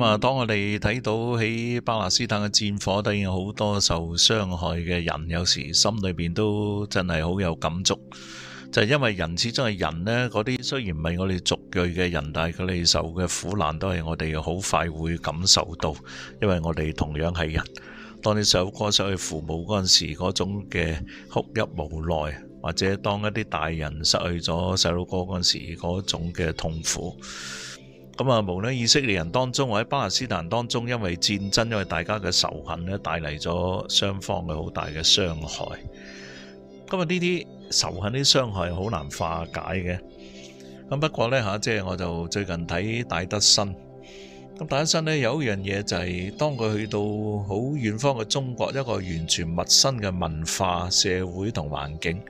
咁、嗯、當我哋睇到喺巴勒斯坦嘅戰火，當然好多受傷害嘅人，有時心裏邊都真係好有感觸。就係、是、因為人始終係人呢，嗰啲雖然唔係我哋族裔嘅人，但係佢哋受嘅苦難都係我哋好快會感受到，因為我哋同樣係人。當你細佬哥失去父母嗰陣時，嗰種嘅哭泣無奈，或者當一啲大人失去咗細佬哥嗰陣時，嗰種嘅痛苦。咁啊，無論以色列人當中，或者巴勒斯坦當中，因為戰爭，因為大家嘅仇恨咧，帶嚟咗雙方嘅好大嘅傷害。今日呢啲仇恨，啲傷害好難化解嘅。咁不過呢，吓，即係我就最近睇戴德新。咁戴德新咧有一樣嘢就係、是，當佢去到好遠方嘅中國，一個完全陌生嘅文化、社會同環境。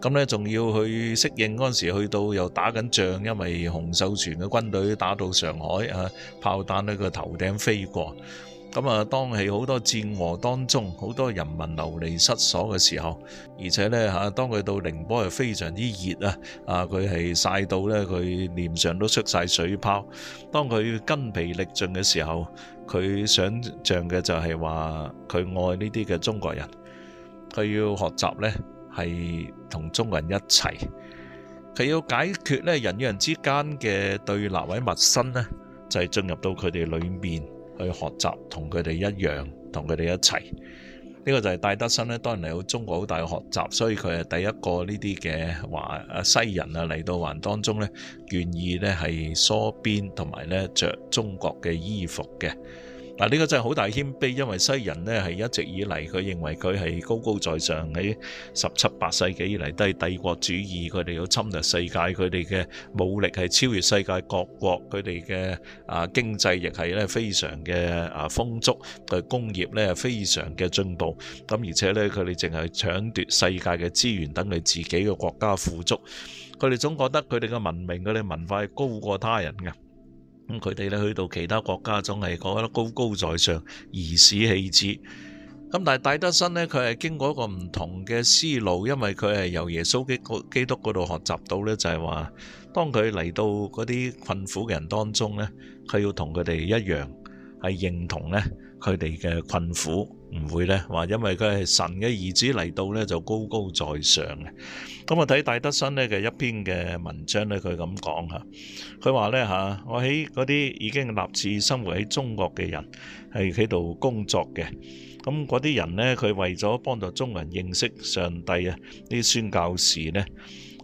咁呢仲要去適應嗰陣時，去到又打緊仗，因為洪秀全嘅軍隊打到上海啊，炮彈喺佢頭頂飛過。咁啊，當係好多戰禍當中，好多人民流離失所嘅時候，而且呢，嚇，當佢到寧波係非常之熱啊，啊佢係曬到呢，佢臉上都出曬水泡。當佢筋疲力盡嘅時候，佢想像嘅就係話，佢愛呢啲嘅中國人，佢要學習呢。係同中國人一齊，佢要解決咧人與人之間嘅對立位陌生呢就係、是、進入到佢哋裏面去學習，同佢哋一樣，同佢哋一齊。呢、這個就係戴德生呢當然嚟到中國好大嘅學習，所以佢係第一個呢啲嘅華西人啊嚟到華人當中呢願意咧係梳辮同埋呢着中國嘅衣服嘅。嗱，呢個真係好大謙卑，因為西人咧係一直以嚟佢認為佢係高高在上，喺十七八世紀以嚟都係帝國主義，佢哋要侵略世界，佢哋嘅武力係超越世界各國，佢哋嘅啊經濟亦係咧非常嘅啊豐足，佢工業咧非常嘅進步，咁而且咧佢哋淨係搶奪世界嘅資源，等佢自己嘅國家富足，佢哋總覺得佢哋嘅文明，佢哋文化係高過他人嘅。咁佢哋咧去到其他國家，總係覺得高高在上，頤指氣使。咁但係戴德生，咧，佢係經過一個唔同嘅思路，因為佢係由耶穌基督嗰度學習到咧，就係話，當佢嚟到嗰啲困苦嘅人當中咧，佢要同佢哋一樣，係認同咧。佢哋嘅困苦唔會呢，話因為佢係神嘅兒子嚟到呢，就高高在上嘅。咁我睇戴德生呢嘅一篇嘅文章呢，佢咁講吓，佢話呢，吓，我喺嗰啲已經立志生活喺中國嘅人，係喺度工作嘅。咁嗰啲人呢，佢為咗幫助中國人認識上帝啊，啲宣教士呢，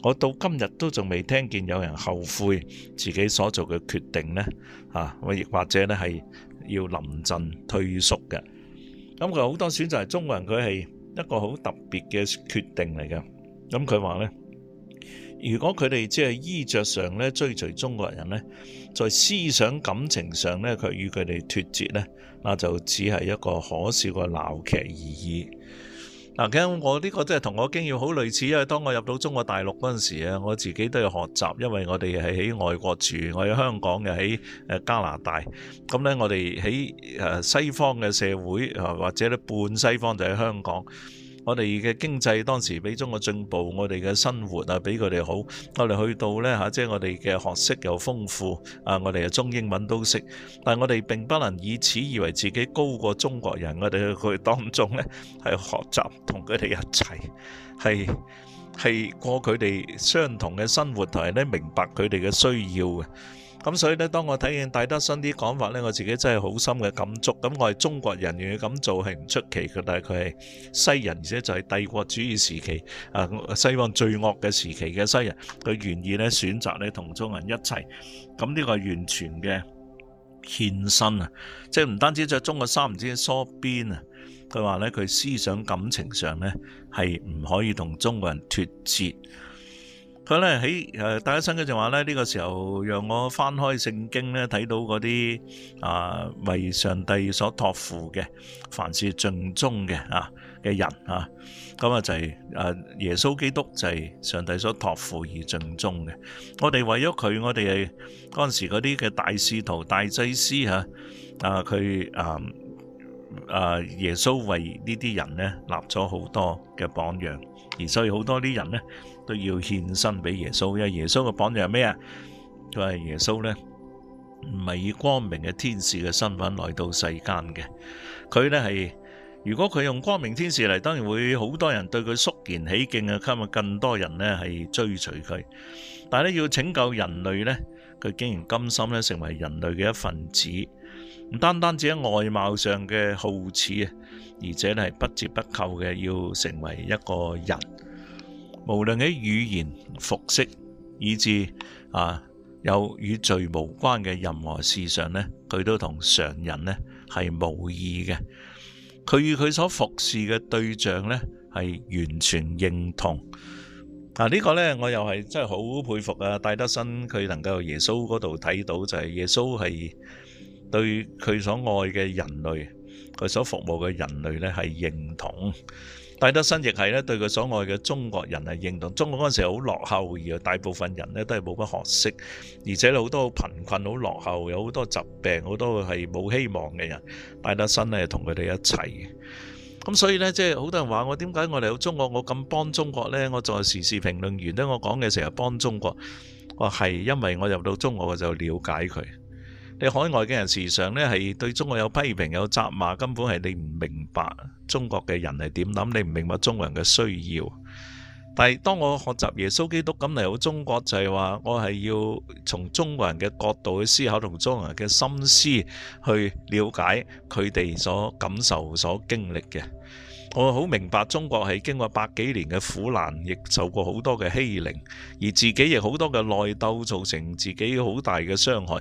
我到今日都仲未聽見有人後悔自己所做嘅決定呢。啊，我亦或者呢係。要臨陣退縮嘅，咁佢好多選擇係中國人，佢係一個好特別嘅決定嚟嘅。咁佢話呢，如果佢哋只係衣着上咧追隨中國人呢，在思想感情上咧佢與佢哋脫節呢，那就只係一個可笑嘅鬧劇而已。嗱，咁我呢個真係同我經驗好類似啊！因為當我入到中國大陸嗰陣時啊，我自己都要學習，因為我哋係喺外國住，我喺香港又喺誒加拿大，咁咧我哋喺誒西方嘅社會，或者咧半西方就喺香港。我哋嘅經濟當時比中國進步，我哋嘅生活啊比佢哋好。我哋去到咧嚇，即係我哋嘅學識又豐富啊！我哋嘅中英文都識，但係我哋並不能以此以為自己高過中國人。我哋去佢當中咧，係學習同佢哋一齊，係係過佢哋相同嘅生活，同埋咧明白佢哋嘅需要嘅。咁所以咧，當我睇見戴德生啲講法咧，我自己真係好深嘅感觸。咁我係中國人願意咁做係唔出奇嘅，但係佢係西人，而且就係帝國主義時期，啊，西方最惡嘅時期嘅西人，佢願意咧選擇咧同中國人一齊。咁呢個係完全嘅獻身啊！即係唔單止著中國衫唔知梳邊啊，佢話咧佢思想感情上咧係唔可以同中國人脫節。咁咧喺誒，大家新嘅就話咧，呢、這個時候讓我翻開聖經咧，睇到嗰啲啊為上帝所托付嘅，凡事盡忠嘅啊嘅人啊，咁啊就係、是、誒耶穌基督就係上帝所托付而盡忠嘅。我哋為咗佢，我哋嗰陣時嗰啲嘅大使徒、大祭司啊，啊佢啊啊耶穌為呢啲人咧立咗好多嘅榜樣，而所以好多啲人咧。都要獻身俾耶穌，因為耶穌嘅榜樣係咩啊？佢係耶穌呢，唔係以光明嘅天使嘅身份來到世間嘅。佢呢係，如果佢用光明天使嚟，當然會好多人對佢肅然起敬啊，吸引更多人呢係追隨佢。但係咧要拯救人類呢，佢竟然甘心呢成為人類嘅一份子，唔單單只喺外貌上嘅好似啊，而且係不折不扣嘅要成為一個人。無論喺語言、服飾，以至啊有與罪無關嘅任何事上咧，佢都同常人咧係無異嘅。佢與佢所服侍嘅對象咧係完全認同。嗱、啊、呢、這個呢，我又係真係好佩服啊！戴德生佢能夠由耶穌嗰度睇到，就係、是、耶穌係對佢所愛嘅人類，佢所服務嘅人類咧係認同。戴德生亦係對佢所愛嘅中國人係認同。中國嗰時好落後，而大部分人呢都係冇乜學識，而且好多好貧困、好落後，有好多疾病，好多係冇希望嘅人。戴德生咧同佢哋一齊，咁所以呢，即係好多人話我點解我嚟到中國我咁幫中國呢？我在時事評論員咧我講嘅時候幫中國，我係因為我入到中國我就了解佢。你海外嘅人時常咧係對中國有批評，有責罵，根本係你唔明白中國嘅人係點諗，你唔明白中國人嘅需要。但係當我學習耶穌基督咁嚟到中國，就係話我係要從中國人嘅角度去思考同中國人嘅心思，去了解佢哋所感受、所經歷嘅。我好明白，中國係經過百幾年嘅苦難，亦受過好多嘅欺凌，而自己亦好多嘅內鬥造成自己好大嘅傷害。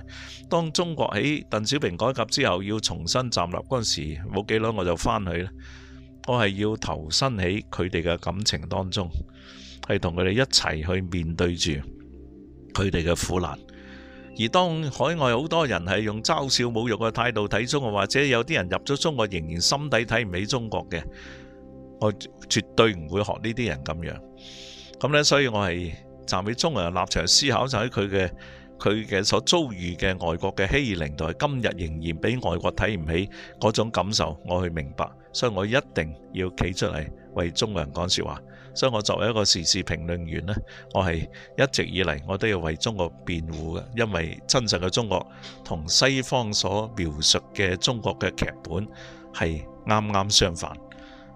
當中國喺鄧小平改革之後要重新站立嗰陣時，冇幾耐我就返去啦。我係要投身喺佢哋嘅感情當中，係同佢哋一齊去面對住佢哋嘅苦難。而當海外好多人係用嘲笑侮辱嘅態度睇中國，或者有啲人入咗中國仍然心底睇唔起中國嘅。我絕對唔會學呢啲人咁樣，咁咧，所以我係站喺中國人立場思考，就喺佢嘅佢嘅所遭遇嘅外國嘅欺凌，同埋今日仍然俾外國睇唔起嗰種感受，我去明白，所以我一定要企出嚟為中國人講説話。所以我作為一個時事評論員咧，我係一直以嚟我都要為中國辯護嘅，因為真實嘅中國同西方所描述嘅中國嘅劇本係啱啱相反。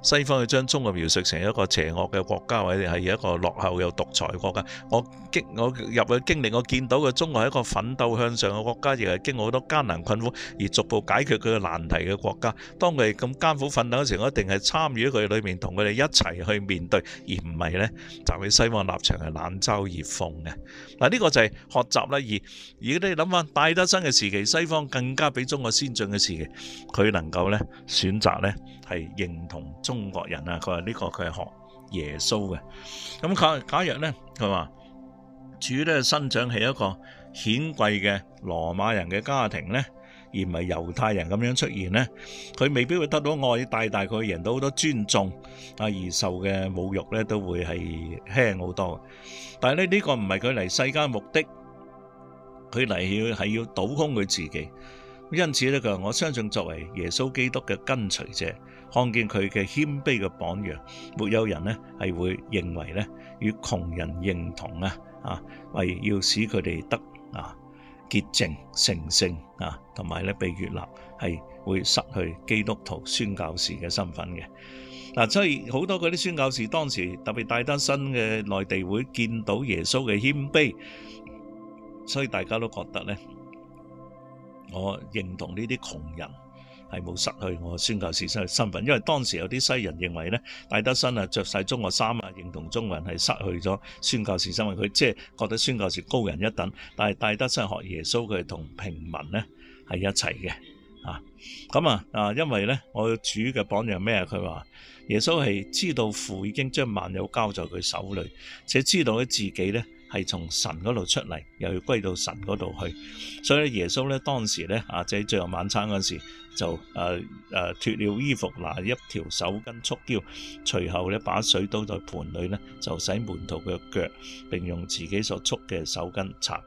西方去將中國描述成一個邪惡嘅國家，或者係一個落後又獨裁國家。我經我入去經歷我見到嘅中國係一個奮鬥向上嘅國家，亦係經過好多艱難困苦而逐步解決佢嘅難題嘅國家。當佢咁艱苦奮鬥嘅時候，我一定係參與佢裏面，同佢哋一齊去面對，而唔係咧集喺西方立場係冷嘲熱諷嘅。嗱、這、呢個就係學習啦。而而家你諗翻，戴德生嘅時期，西方更加比中國先進嘅時期，佢能夠咧選擇咧係認同中。中國人啊，佢話呢個佢係學耶穌嘅。咁假假若咧，佢話主咧生長喺一個顯貴嘅羅馬人嘅家庭咧，而唔係猶太人咁樣出現咧，佢未必會得到愛戴，大概贏到好多尊重，啊而受嘅侮辱咧都會係輕好多。但係咧呢個唔係佢嚟世間目的，佢嚟要係要倒空佢自己。因此咧，佢話：我相信作為耶穌基督嘅跟隨者，看見佢嘅謙卑嘅榜樣，沒有人咧係會認為咧與窮人認同啊啊，為要使佢哋得啊潔淨、成聖啊，同埋咧被悅納，係會失去基督徒宣教士嘅身份嘅。嗱，所以好多嗰啲宣教士當時特別戴德生嘅內地會見到耶穌嘅謙卑，所以大家都覺得咧。我認同呢啲窮人係冇失去我的宣教士身嘅身份，因為當時有啲西人認為咧，戴德生啊著曬中國衫啊，認同中國人係失去咗宣教士身份，佢即係覺得宣教士高人一等，但係戴德生學耶穌，佢同平民咧係一齊嘅啊！咁啊啊，因為咧，我主嘅榜樣咩啊？佢話耶穌係知道父已經將萬有交在佢手裏，且知道佢自己咧。是從神嗰度出嚟，又要歸到神嗰度去，所以耶穌咧當時呢啊，即最後晚餐嗰時就誒脱了衣服，拿一條手巾束腰，隨後把水倒在盤裏，就洗門徒嘅腳，並用自己所束嘅手巾擦。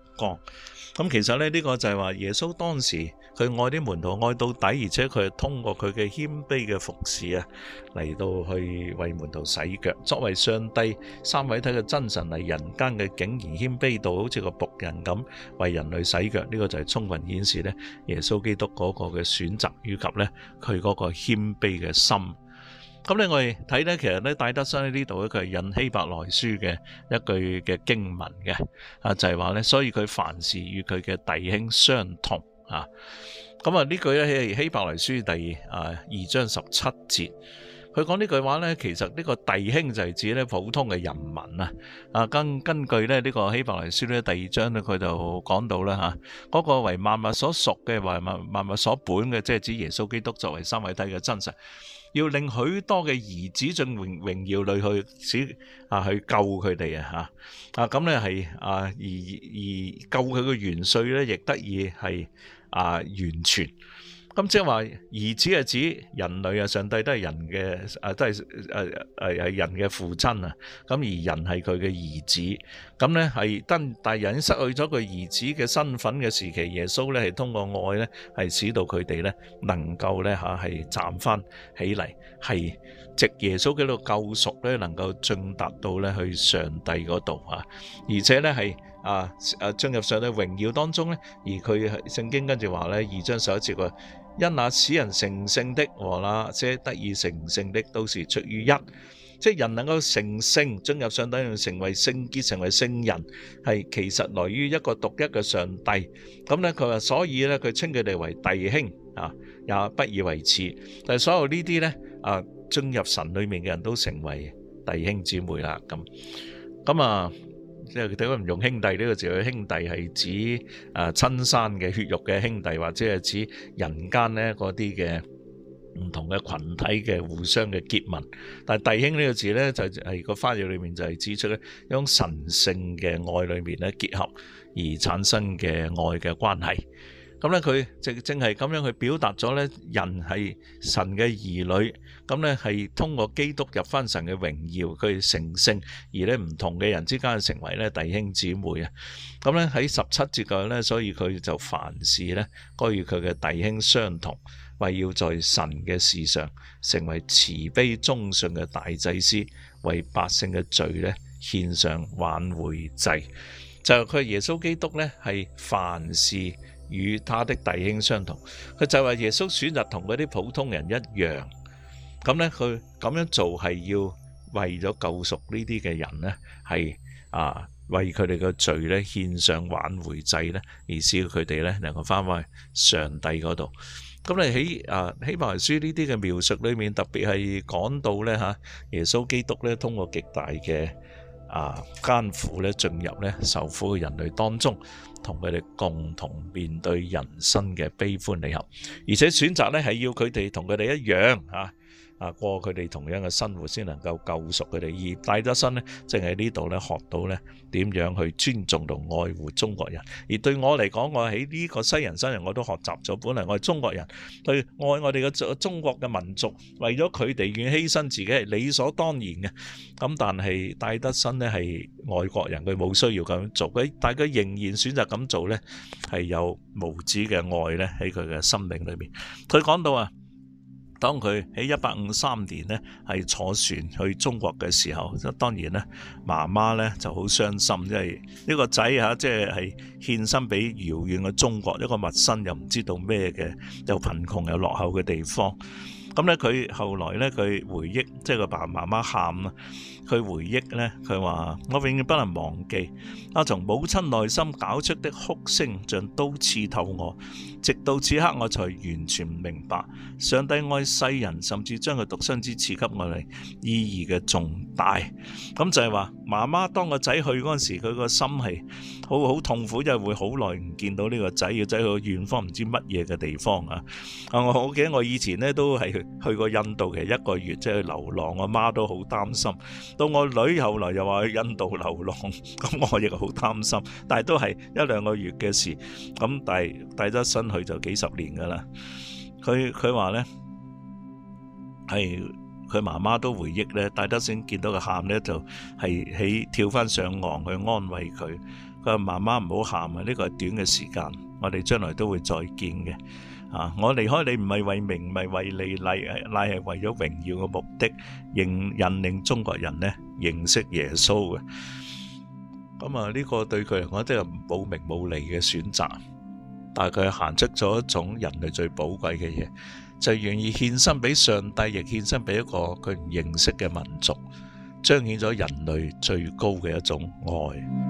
咁，其實咧呢個就係話耶穌當時，佢愛啲門徒愛到底，而且佢係通過佢嘅謙卑嘅服侍啊，嚟到去為門徒洗腳。作為上帝三位一體嘅真神嚟人間嘅，竟然謙卑到好似個僕人咁為人類洗腳。呢個就係充分顯示咧耶穌基督嗰個嘅選擇以及咧佢嗰個謙卑嘅心。咁你我哋睇咧，其實咧，戴德生喺呢度咧，佢係引希伯來書嘅一句嘅經文嘅，啊就係話咧，所以佢凡事與佢嘅弟兄相同啊。咁啊，呢句咧係希伯來書第啊二章十七節，佢講呢句話咧，其實呢個弟兄就係指咧普通嘅人民啊。啊根根據咧呢個希伯來書咧第二章咧，佢就講到啦吓，嗰、啊那個為萬物所屬嘅，為萬萬物所本嘅，即係指耶穌基督作為三位一體嘅真實。要令許多嘅兒子進榮榮耀裏去，啊去救佢哋啊嚇，啊咁咧係啊而而救佢嘅元帥咧，亦得以係啊完全。咁即係話兒子係指人類啊，上帝都係人嘅，啊，都係誒誒係人嘅父親啊。咁而人係佢嘅兒子，咁咧係但係人失去咗佢兒子嘅身份嘅時期，耶穌咧係通過愛咧係使到佢哋咧能夠咧吓係站翻起嚟，係藉耶穌嘅個救贖咧能夠進達到咧去上帝嗰度啊，而且咧係。啊！啊，進入上帝榮耀當中咧，而佢聖經跟住話咧，二章十一節，因那使人成聖的和那些得以成聖的，都是出於一，即係人能夠成聖，進入上帝，要成為聖潔，成為聖人，係其實來於一個獨一嘅上帝。咁咧，佢話所以咧，佢稱佢哋為弟兄啊，也不以為恥。但係所有呢啲咧，啊，進入神裡面嘅人都成為弟兄姊妹啦。咁，咁啊。即係佢哋都唔用兄弟呢個字，佢兄弟係指啊親生嘅血肉嘅兄弟，或者係指人間咧嗰啲嘅唔同嘅群體嘅互相嘅結盟。但係弟兄呢個字咧，就係個翻譯裏面就係指出咧一種神性嘅愛裏面咧結合而產生嘅愛嘅關係。咁咧，佢正正係咁樣去表達咗咧，人係神嘅兒女，咁咧係通過基督入翻神嘅榮耀，佢成聖，而咧唔同嘅人之間成為咧弟兄姊妹啊！咁咧喺十七節嘅咧，所以佢就凡事咧該與佢嘅弟兄相同，為要在神嘅事上成為慈悲忠信嘅大祭司，為百姓嘅罪咧獻上挽回祭，就係佢耶穌基督咧係凡事。與他的弟兄相同，佢就話耶穌選擇同嗰啲普通人一樣，咁咧佢咁樣做係要為咗救贖呢啲嘅人咧，係啊，為佢哋嘅罪咧獻上挽回祭咧，而使佢哋咧能夠翻返去上帝嗰度。咁你喺啊希伯來書呢啲嘅描述裏面，特別係講到咧吓，耶穌基督咧通過極大嘅。啊，艱苦咧進入咧受苦嘅人類當中，同佢哋共同面對人生嘅悲歡離合，而且選擇咧係要佢哋同佢哋一樣啊。啊，過佢哋同樣嘅生活先能夠救贖佢哋，而戴德生咧，正喺呢度咧學到咧點樣去尊重同愛護中國人。而對我嚟講，我喺呢個西人身上，我都學習咗。本嚟我係中國人，對愛我哋嘅中中國嘅民族，為咗佢哋願犧牲自己係理所當然嘅。咁但係戴德生咧係外國人，佢冇需要咁樣做，但佢仍然選擇咁做咧，係有無止嘅愛咧喺佢嘅生命裏邊。佢講到啊。當佢喺一八五三年咧，係坐船去中國嘅時候，當然咧，媽媽咧就好傷心，因為呢個仔嚇即係係獻身俾遙遠嘅中國，一個陌生又唔知道咩嘅又貧窮又落後嘅地方。咁咧，佢後來咧，佢回憶，即係佢爸爸媽媽喊。佢回憶咧，佢話：我永遠不能忘記，啊從母親內心搞出的哭聲，像刀刺透我。直到此刻，我才完全明白，上帝愛世人，甚至將佢獨生子賜給我哋，意義嘅重大。咁就係話，媽媽當個仔去嗰陣時，佢個心係好好痛苦，就係會好耐唔見到呢個仔，要仔去遠方唔知乜嘢嘅地方啊！啊，我記得我以前咧都係。去過印度嘅一個月，即係去流浪，我媽都好擔心。到我女後來又話去印度流浪，咁 我亦好擔心。但係都係一兩個月嘅事，咁戴德生去就幾十年噶啦。佢佢話咧，係佢媽媽都回憶呢。戴德生見到佢喊呢，就係起跳翻上岸去安慰佢。佢話媽媽唔好喊啊，呢個係短嘅時間，我哋將來都會再見嘅。啊！我離開你唔係為名，唔係為利，乃乃係為咗榮耀嘅目的，認引領中國人咧認識耶穌嘅。咁啊，呢個對佢嚟講都係冇名冇利嘅選擇，但係佢行出咗一種人類最寶貴嘅嘢，就願意獻身俾上帝，亦獻身俾一個佢唔認識嘅民族，彰顯咗人類最高嘅一種愛。